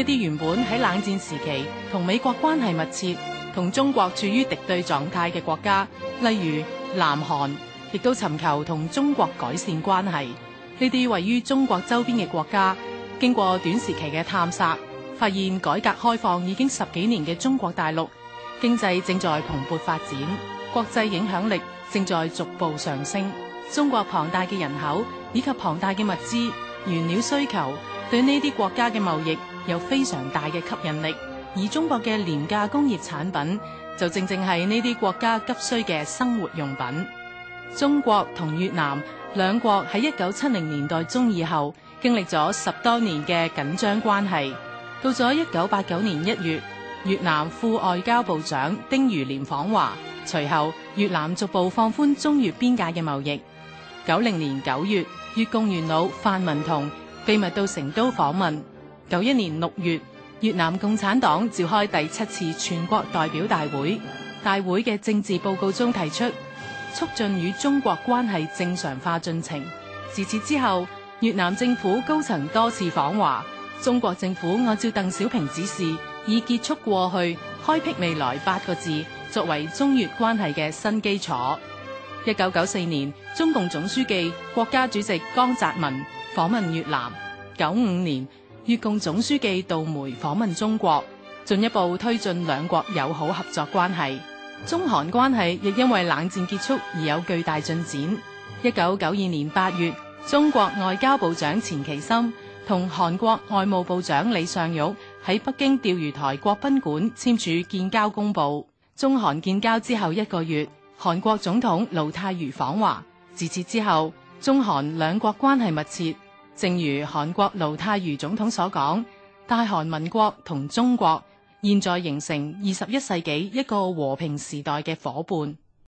呢啲原本喺冷戰時期同美國關係密切、同中國處於敵對狀態嘅國家，例如南韓，亦都尋求同中國改善關係。呢啲位於中國周邊嘅國家，經過短時期嘅探索，發現改革開放已經十幾年嘅中國大陸經濟正在蓬勃發展，國際影響力正在逐步上升。中國龐大嘅人口以及龐大嘅物資原料需求，對呢啲國家嘅貿易，有非常大嘅吸引力，而中國嘅廉價工業產品就正正係呢啲國家急需嘅生活用品。中國同越南兩國喺一九七零年代中以後，經歷咗十多年嘅緊張關係。到咗一九八九年一月，越南副外交部長丁如廉訪華，隨後越南逐步放寬中越邊界嘅貿易。九零年九月，越共元老范文同秘密到成都訪問。九一年六月，越南共產黨召開第七次全國代表大會，大會嘅政治報告中提出促進與中國關係正常化進程。自此之後，越南政府高層多次訪華。中國政府按照鄧小平指示，以結束過去、開闢未來八個字作為中越關係嘅新基礎。一九九四年，中共總書記、國家主席江澤民訪問越南。九五年，越共總書記杜梅訪問中國，進一步推進兩國友好合作關係。中韓關係亦因為冷戰結束而有巨大進展。一九九二年八月，中國外交部長錢其琛同韓國外務部長李相玉喺北京釣魚台國賓館簽署建交公報。中韓建交之後一個月，韓國總統盧泰愚訪華。自此之後，中韓兩國關係密切。正如韓國盧泰愚總統所講，大韓民國同中國現在形成二十一世紀一個和平時代嘅夥伴。